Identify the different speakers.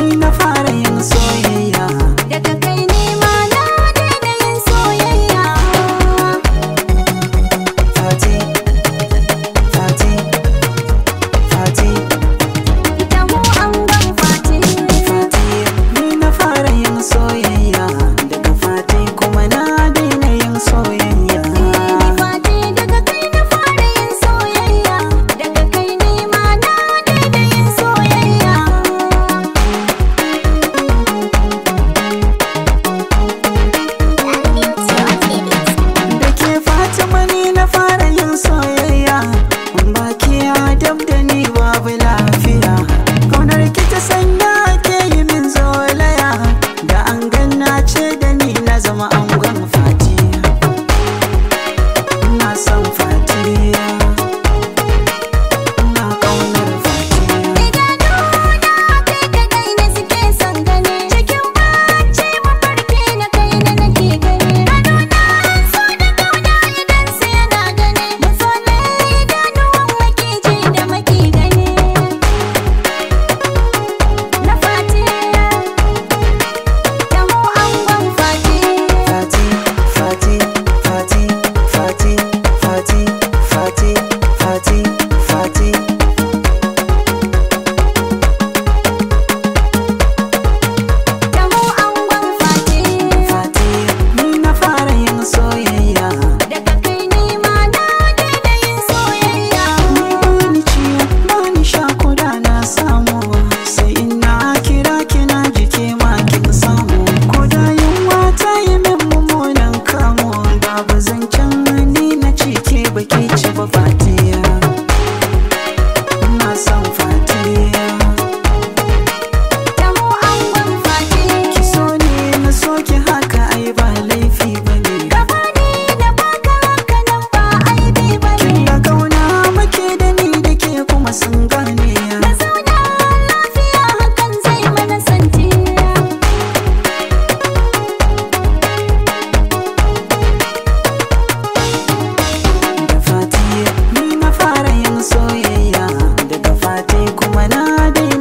Speaker 1: ni na fara yin soyayya baki ce dai